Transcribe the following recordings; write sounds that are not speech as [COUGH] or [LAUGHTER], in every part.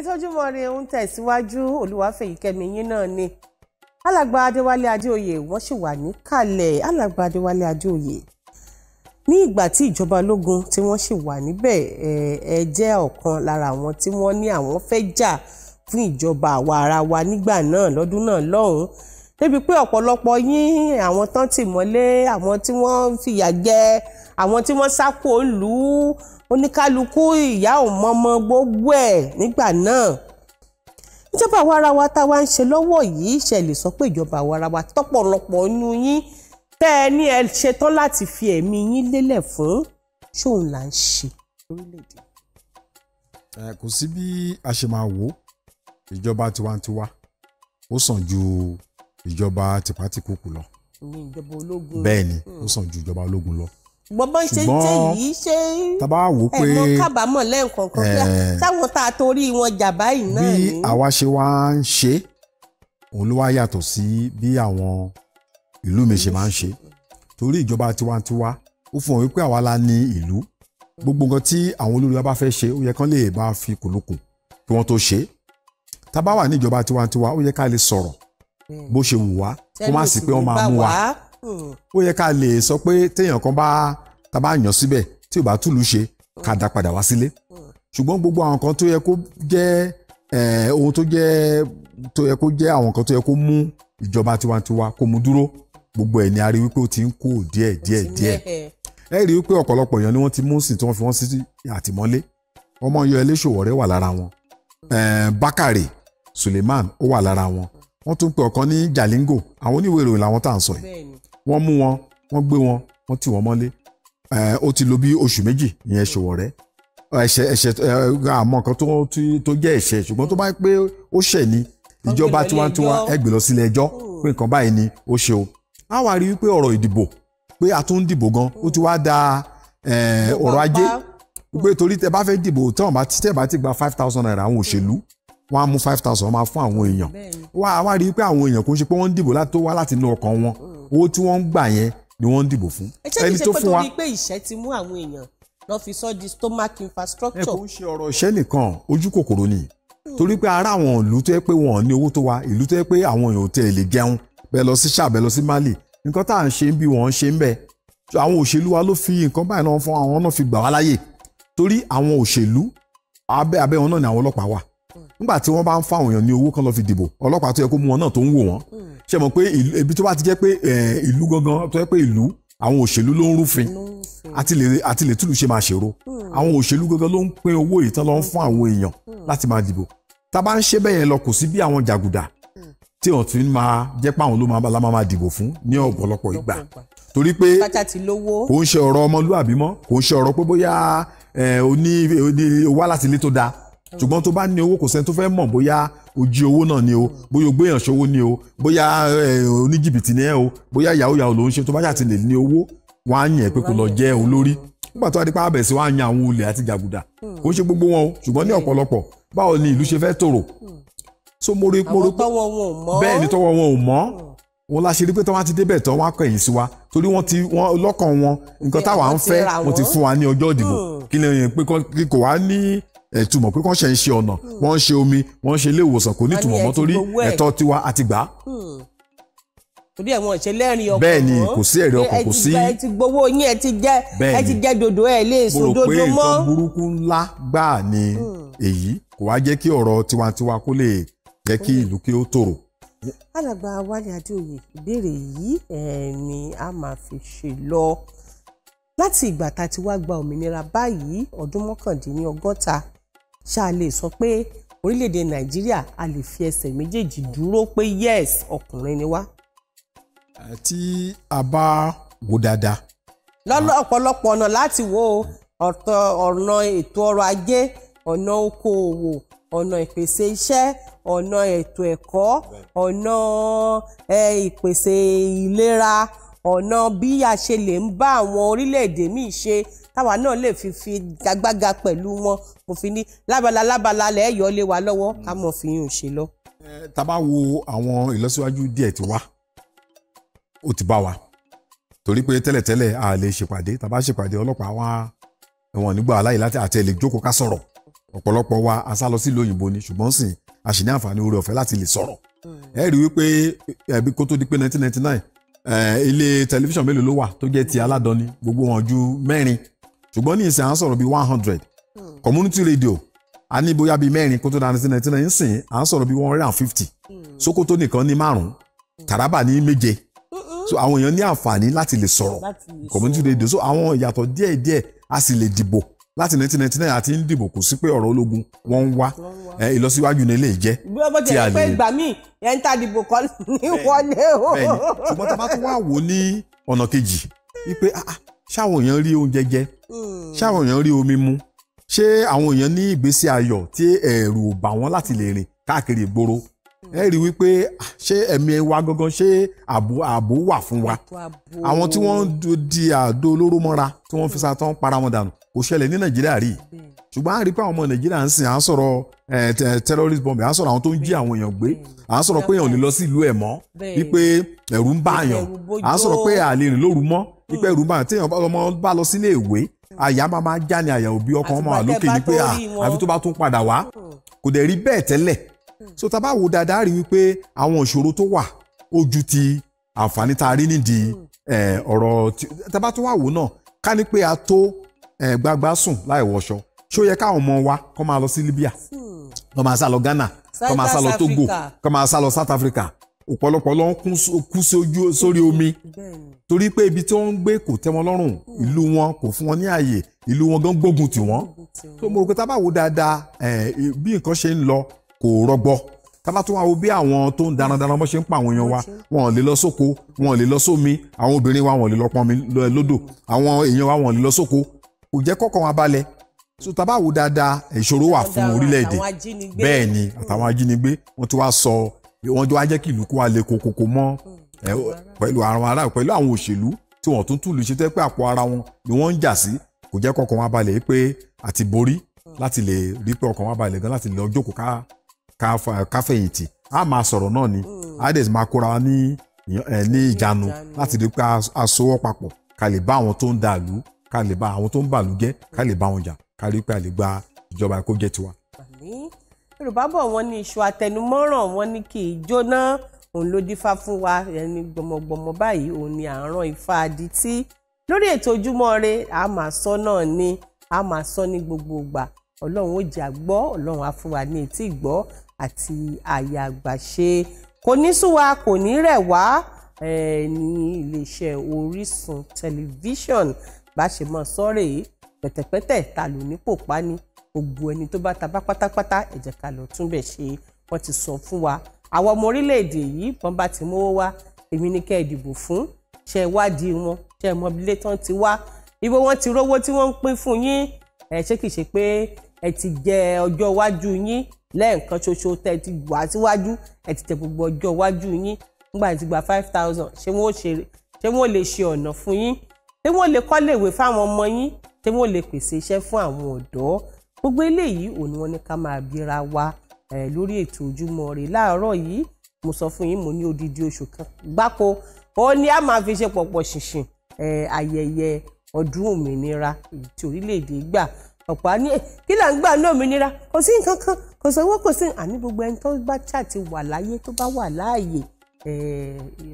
ètò Ojúmọ́ Ire ń tẹ̀síwájú Olúwafẹ́yìkẹ́mi yín náà ni alàgbà Adéwálé Adéoyè wọ́n sì wà níkàlẹ̀ alàgbà Adéwálé Adéoyè ní ìgbà tí ìjọba ológun tí wọ́n sì wà níbẹ̀ ẹ jẹ́ ọ̀kan lára àwọn tí wọ́n ní àwọn fẹ́ jà fún ìjọba àwa ara wa nígbà náà lọ́dún náà lọ́hùn-ún débi pé ọ̀pọ̀lọpọ̀ yín àwọn tán tì mọ́lé àwọn tí wọ́n fìyà jẹ àwọn tí wọ́n sápò lù ú oníkálukú ìyá ò mọ́mọ́ gbogbo ẹ̀ nígbà náà ìjọba àwa ara wa tá a wá ń ṣe lọ́wọ́ yìí ṣe lè sọ pé ìjọba àwa ara wa tọ́pọ̀lọpọ̀ nínú yín tẹ́ ẹ ní ẹ ṣetán láti fi ẹ̀mí yín lélẹ̀ fún ṣóun là ń ṣe kò sí bí a ṣe máa wò ìjọba tiwantiwa ó sàn ju ìjọba tipátìkúkù lọ bẹ́ẹ̀ ni ó hmm. sàn ju ìjọba ológun lọ gbọ́nbọ́n ṣe ń tẹ̀ yìí ṣe ẹ̀mọ́ kábàámọ̀ lẹ́ǹkọ̀ọ̀kan pé táwọn tá a torí wọn jà báyìí náà ni. bí àwa ṣe wá ń ṣe òun ló wá yàtọ̀ sí bí àwọn ìlú mi ṣe máa ń ṣe torí ìjọba tiwantiwa ó fún wọn wípé àwa la ní ìlú gbogbo nǹkan tí àwọn olórí wa bá fẹ́ ṣe ó yẹ kán lè bá fi kùlùkùn kí wọ́n tó ṣe tá ní ìjọba tiwantiwa ó yẹ ká lè sọ̀rọ̀ bó ṣe wù wá kó má sí pé wọ́n máa mú wa ó yẹ ká lè sọ pé téèyàn kan bá ta bá yàn síbẹ̀ tí ò bá túlù ṣe ká dá padà wá sílé ṣùgbọ́n gbogbo àwọn kan tó yẹ kó jẹ́ ohun tó jẹ́ tó yẹ kó jẹ́ àwọn kan tó yẹ kó mú ìjọba tiwantiwa kó mú dúró gbogbo ẹ̀ ni a rí wípé ó ti ń kó díẹ̀ díẹ̀ díẹ̀ ẹ rí wípé ọ̀pọ̀lọpọ̀ èèyàn ni wọ́n ti mú sí tí wọ́n fi wọ́n sí àtìmọ́lé ọmọ yọ ẹlẹ́ṣòwọ̀rẹ́ wà lára wọn Bákàrè Suleiman ó wà lára wọn wọ́n tún pe ọ̀kan ní Jalingo àwọn oníwèé ìròyìn làwọn tá à ń sọ yìí wọ́n mú wọn wọ́n gbé wọn wọ́n tì wọ́n mọ́lé ó ti lò bí oṣù méjì ìyẹn Ṣòwòrẹ́ ẹ̀ṣẹ̀ ẹ̀ṣẹ̀ àmọ́ nǹkan tó jẹ́ ẹ̀ṣẹ̀ ṣùgbọ́n tó bá pé ó ṣẹ̀ ni ìjọba tiwantiwa ẹ gbé lọ sílé ẹjọ́ hmm. pé nǹkan báyìí ni ó ṣe o a wá rí wípé ọ̀rọ̀ ìdìbò pé a tún ń dìbò gan ó ti wá da ọ̀rọ̀ ajé pé torí tẹ bá fẹ́ dìbò tẹ́ bá ti gba five thousand naira àwọn òṣèlú wọ́n á mú five thousand wọ́n máa fún àwọn èèyàn wá wá rí i pé àwọn èèyàn kò ń ṣe pé wọ́n ń dìbò láti tó wá láti inú ọkàn wọn mm. owó tí wọ́n ń gbà yẹn ni wọ́n ń dìbò fún. ẹni tó fún wa ẹ ṣe kí ṣe pé torí pé ìṣẹ́ ti mú àwọn èèyàn lọ fi sọ di stomach infrastructure. ẹ kò ń ṣe ọ̀rọ̀ ìṣẹ́ nìkan ojú kòkòrò ni mm. torí pé ara àwọn ìlú tó yẹ pé wọn ní owó tó wa ìlú tó yẹ pé àwọn èèyàn ò tẹ lè jẹun bẹ́ẹ̀ lọ sí ṣàbẹ lọ sí Mali nǹkan tá à ń ṣe ń bí wọn ń ṣe ń bẹ àwọn òṣèlú wa ló fi nǹkan báyìí náà fún àwọn náà fi gbà wá láyè torí àwọn òṣèlú abẹ́ abẹ́ wọn náà ni àwọn ọlọ́pàá wà nígbà tí wọ́n bá ń fáwọn èèyàn ní owó kan lọ fi dìbò ọlọ́pàá tó yẹ kó mú wọn náà tó ń wò wọ́n ṣe mọ̀ pé ibi tó bá ti jẹ́ pé ìlú gangan tó yẹ pé ìlú àwọn òṣèlú ló ń rúfin àti lè túlù ṣe máa ṣèrò hmm. àwọn òṣèlú gangan ló ń pín owó yìí tán lọ ń fún àwọn èèyàn hmm. láti máa dìbò tá a bá ń ṣe bẹ́yẹn lọ kò sí bí àwọn jàgùdà hmm. tí wọ́n ti máa jẹ́ pé àwọn ló máa bala máa dìbò fún ní ọ̀pọ̀lọpọ̀ ìgbà torí pé kò ń ṣe ọ̀rọ̀ ọmọlúàbí mọ́ kò ń ṣe ọ̀rọ̀ pé bóyá o ní wá láti tó dáa ṣùgbọ́n tó bá ní owó kò sẹ́ni tó fẹ́ mọ̀ bóyá o jí owó náà ni o bóyá o gbéyàn ṣòwò ni o bóyá eh, oníjìbìtì ni ẹ o bóyá yahoo yahoo ló ń ṣe tó bá ṣàtìlẹ̀ ní owó wàá yàn pé kò lọ jẹ́ olórí nígbà tó wá di pa àbẹ̀sí wàá yan àwọn olè àti jàgùdà kò ń ṣe gbogbo wọn o ṣùgbọ́n ní ọ̀pọ̀lọpọ̀ báwo ni ìlú ṣe fẹ́ tòrò so mo rí mo rí pé bẹ́ẹ̀ ni tọwọ́ wọn ò mọ́ wọn la ṣe rí pé tí wọn ti débẹ̀ tán wọn á sí wa torí wọn ti wọn lọ́kàn wọn nǹkan táwa ń fẹ́ wọn ti fún wa ní ọjọ́ ìdìbò hmm. kí ni pé kò wá ní ẹ̀túmọ̀ pé kàn ṣe ń ṣe ọ̀nà hmm. wọ́n ń ṣe omi wọ́n ń ṣe ilé ìwòsàn kò ní ìtumọ̀ mọ́ torí ẹ̀tọ́ tiwa àti gbà. Hmm. torí ẹ̀wọ̀n ìṣe lẹ́rìn ọkọ̀ bẹ́ẹ̀ ni kò sí ẹ̀rí ọkọ̀ kò sí. ẹ ti gbowó yín ẹ ti jẹ ẹ ti jẹ dodo ẹ lè so dodo mọ́. mo rò pé nǹkan burúkú ńlá gbáà ni hmm. èyí kò wá jẹ́ kí ọ̀rọ̀ tiwantiwa kó lè jẹ́ kí ìlú kí ó tòrò láti ìgbà tá a ti wá gba òmìnira báyìí ọdún mọ́kàndínlọ́gọ́ta ṣá lè sọ pé orílẹ̀-èdè nàìjíríà a lè fi ẹsẹ̀ méjèèjì dúró pé yes ọkùnrin ni wá. tí a bá wò dáadáa. lọ́nà ọ̀pọ̀lọpọ̀ ọ̀nà láti wo ọ̀tọ̀ ọ̀nà ètò ọrọ̀ ajé ọ̀nà okòòwò ọ̀nà ìpèsè iṣẹ́ ọ̀nà ètò ẹ̀kọ́ ọ̀nà ìpèsè ìlera ọ̀nà bí a ṣe lè ń bá àwọn orílẹ̀-èdè míì ṣe táwa náà lè fi fi gagbága pẹ̀lú wọn mo fi ní lábala lábala lẹ́yọ̀ lé wa lọ́wọ́ ká mọ̀ fi yùn ṣe lọ. tá a bá wo àwọn ìlọsíwájú díẹ̀ ti wá ó ti bá wa torí pé tẹ́lẹ̀tẹ́lẹ̀ a lè ṣèpàdé tá a bá ṣèpàdé ọlọ́pàá wa ẹ̀wọ̀n nígbà aláyè láti àtẹ̀lé jókòó ká sọ̀rọ̀ ọ̀pọ̀lọpọ̀ wa a sá lọ sí ìlú òyìnbó ni ṣùgbọ́n sìn a sì ní àǹfààní oore ọ̀fẹ́ láti lè sọ̀rọ̀ hmm. ẹ rí i wípé ẹbí kó tó di pé 1999 Eh, ilé tẹlifíṣàn mélòó ló wà tó jẹ́ ti aládọ́ni gbogbo wọn ju mẹ́rin ṣùgbọ́n ní ìsìn à ń sọ̀rọ̀ bíi one hundred hmm. community radio a ní bóyá bíi mẹ́rin kó tó dáa ní sinai náà ń sìn à ń sọ̀rọ̀ bíi one hundred and fifty hmm. Sokoto nìkan ní márùn-ún hmm. Taraba ní méje so àwọn èèyàn ní àǹfààní láti lè sọ̀rọ̀ community radio so àwọn ìyàtọ̀ díẹ̀díẹ̀ a sì lè dìbò láti 1999 àti ń dìbò kò sí pé ọ̀rọ̀ ológun wọ́n ń wá ìlọsíwájú ní ilé jẹ́ tí a lè. pé ìgbà míì ẹ̀ ń ta dìbò kọ́ [LAUGHS] ní wọlé o. bẹ́ẹ̀ni ṣùgbọ́n tá a bá tún wá wò ó ní ọ̀nà kejì wípé ah, ah, ṣáwọn èèyàn rí oúnjẹ jẹ hmm. ṣáwọn èèyàn rí omi mu ṣé àwọn èèyàn ní ìgbésí ayọ̀ tí ẹ̀rù ò bà wọ́n láti lè rìn káàkiri ìgboro hmm. ẹ rí i wípé ah, ṣé ẹ̀mí wa gangan ṣé ààbò wà fún wa àwọn tí wọ́n di àdó olóró mọ́ra tí wọ́n fi sa hmm. tán para wọn dànù kò ṣẹlẹ̀ ní nàìjíríà rí ṣùgbọ́n à ń rí pé àwọn ọmọ nàìjíríà ń sìn à ń sọ̀rọ̀ terrorist bombing à ń sọ̀rọ̀ àwọn tó ń jí àwọn èèyàn gbé à ń sọ̀rọ̀ pé èèyàn ò lè lọ sí ìlú ẹ̀ mọ́ wípé ẹ̀rù ń bá àyàn à ń sọ̀rọ̀ pé à lè rìn lóru mọ́ wípé hmm. ẹ̀rù ń bá àyàn téèyàn ọmọ bá lọ sílé ìwé hmm. àyà máa máa já ni àyà òbí ọkàn ọmọ àlókè ni pé àfi tó bá tún padà wá hmm. kò dẹ̀ rí bẹ́ẹ̀ tẹ́lẹ̀ so tá a bá wo dáadáa rí wípé àwọn ìṣòro tó wà ó ju ti àǹfààní tá a rí nídìí ọ̀rọ̀ tá a bá tún wà wò náà ká ní pé a tó Eh, gbagba sùn láì wọṣọ ṣó yẹ káwọn ọmọ wa kọ́ máa lọ sí Libya hmm. kọ́ máa sá lọ Ghana kọ́ máa sá lọ Togo kọ́ máa sá lọ South Africa ọ̀pọ̀lọpọ̀ ló ń kú sójú sórí omi torí pé ibi tí wọ́n ń gbé kò tẹ́ wọn lọ́rùn hmm. ìlú wọn kò fún wọn ní àyè ìlú wọn gan gbógun tì wọ́n tó mo rò pé tábà wo dáadáa eh, bí nǹkan ṣe ń lọ kò rọgbọ tábà tó wà wo bí àwọn tó ń darandaran bó ṣe ń pa àwọn èèyàn wa wọn lè lọ sóko wọn lè lọ sómi àwọn obìnrin wa wọn lè lọ pọnmi lódò àwọn èèyàn wa wọn lè lọ sóko kò jẹ́ kọ́kàn wa balẹ̀ so tá a bá wò dáadáa ìṣòro wà fún orílẹ̀-èdè bẹ́ẹ̀ ni àtàwọn hmm. ajínigbé wọ́n ti wá sọ wọ́n ti wá jẹ́ kí ìlú kó wa le kokoko mọ́ hmm. pẹ̀lú àwọn ará pẹ̀lú àwọn òṣèlú tí wọ́n tún túlù ṣe tẹ́ pé àpò ara wọn ni wọ́n ń jà sí kò jẹ́ kọ́kàn wa balẹ̀ pé àti borí hmm. láti lè rí pé ọkàn wa balẹ̀ gan láti lọ jókòó ká káfẹ̀yìntì a máa sọ̀rọ̀ náà ni ades máa kóra wa ní ìjánu láti rí pé a sowọ́ papọ̀ ká bá àwọn tó ń dàlú ká lè bá àwọn tó ń bàlújẹ́ ká lè ba, wọn jà ká rí pé a lè gba ìjọba kó jẹ́ tiwa. yorùbá bọ̀ wọ́n ní iṣu àtẹnumọ́ràn wọ́n ní kì í jóná òun ló dífá fún wa ẹni gbọmọgbọmọ báyìí òun ni à ń rán ifá adití lórí ètò ojúmọ́ ire a máa sọ náà ni a máa sọ ní gbogbo ìgbà ọlọ́run ó jà gbọ́ ọlọ́run á fún wa ní etí ìgbọ́ àti àyè àgbàṣe kò ní sú kò ní rẹ̀ wá ní iléeṣẹ́ Orísun tẹlifíṣọ̀n bá ṣe mọ sọ́ọ̀rẹ̀ yìí pẹ̀tẹ̀pẹ̀tẹ̀ ta ló ní kò pa ni gbogbo ẹni tó bá ta bá pátápátá ẹ jẹ́ ká lọ tún bẹ̀ ṣe wọ́n ti sọ fún wa àwọn ọmọ orílẹ̀-èdè yìí wọ́n bá ti mówó wá èmi ní kẹ́ ẹ dìbò fún ṣe wádìí wọn ṣe mọ ilé tán ti wá ibo wọn ti rówó tí wọ́n ń pín fún yín ẹ ṣé kìí ṣe pé ẹ ti jẹ ọjọ́ iwájú yín lẹ́ẹ̀kan ṣoṣo tẹ́ ti wà síwájú ẹ ti tẹ gbogbo ọjọ́ iwájú yín nígbà tí gba five thousand ṣé wọ́n lè ṣe ọ̀nà fún yín ṣé wọ́n lè kọ́lé ìwé fáwọn ọmọ yín ṣé wọ́n lè pèsè iṣẹ́ fún àwọn ọ̀dọ́ gbogbo eléyìí òní wọn ní ká máa bíra wa lórí ètò Ojúmọ́ Ire láàárọ̀ yìí mo sọ fún yín mo ní odidi oṣù kan gbáko ó ní a máa fi ṣe pọ̀pọ̀ ṣìnṣìn ayẹyẹ ọdún òmìnira tí orílẹ̀-èdè gbà ọ̀pọ̀ á ní eh, kí là ń gbà ní òmìnira kò sí nǹkan kan kò sówó kò sí àní gbogbo ẹni tó bá ṣáà ti wà láyé tó bá wà láàyè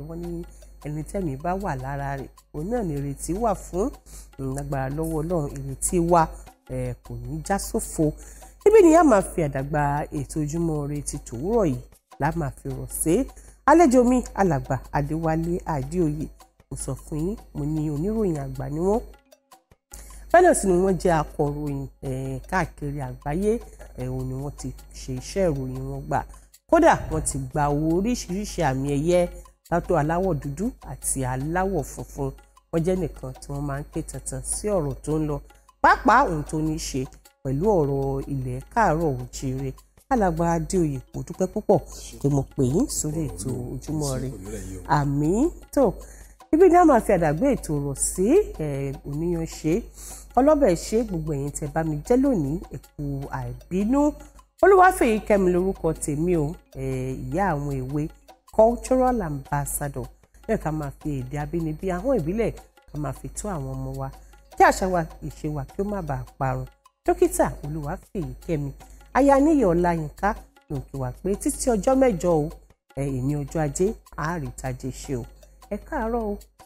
wọ́n ní ẹni tẹ́mi bá wà lára rẹ̀ òun náà ni ìrètí wà fún agbára lọ́wọ́ ọlọ́run ìrètí wa kò ní já sófo níbí ni a máa fi àdàgbà ètò ojúmọ́ ire ti tòwúrọ̀ yìí la máa fi rọ̀ sí àlejò mi alàgbà adéwálé àdéoyè mo sọ fún yín mo ní oníròyìn àgbà ni wọ́n bẹ́ẹ̀ sì ni wọ́n jẹ́ akọ̀ròyìn káàkiri àgbáyé òun ni wọ́n ti ṣe iṣẹ́ ìròyìn wọn gbà kódà wọ́n ti gba owó oríṣiríṣi àmì ẹ̀yẹ látó aláwọ̀ dúdú àti aláwọ̀ funfun wọ́n jẹ́ nìkan tí wọ́n máa ń ké tantan sí ọ̀rọ̀ tó ń lọ pàápàá ohun tó ní í ṣe pẹ̀lú ọ̀rọ̀ ilẹ̀ káàárọ̀ òjíire alàgbà adéoyè kò dúpẹ́ púpọ̀ pé mo pè yín sórí ètò ojúmọ́ ire àmì tó ibi ni a máa fi àdàgbé ètò ọ̀rọ̀ sí oníyan ṣe ọlọ́bẹ̀ ṣe gbogbo ẹ̀yin tẹ́ bá mi jẹ́ lónìí ẹ̀kú àìbínú olúwàfẹ̀yìkẹ́mi lórúkọ tèmi o ìyá àwọn èwe cultural ambassador bẹ́ẹ̀ ká máa fi èdè abínibí ahọ́n ìbílẹ̀ ká máa fi tó àwọn ọmọ wa kí àṣà wa ìṣe wa kí ó má bàa parun dókítà olúwàfẹ̀yìkẹ́mi ayaníyẹ ọláyínká ló ń kí wa pé títí ọjọ́ mẹ́jọ o ẹ̀yìn ọjọ́ ajé àárítàjẹ ṣe o ẹ káàárọ̀ o.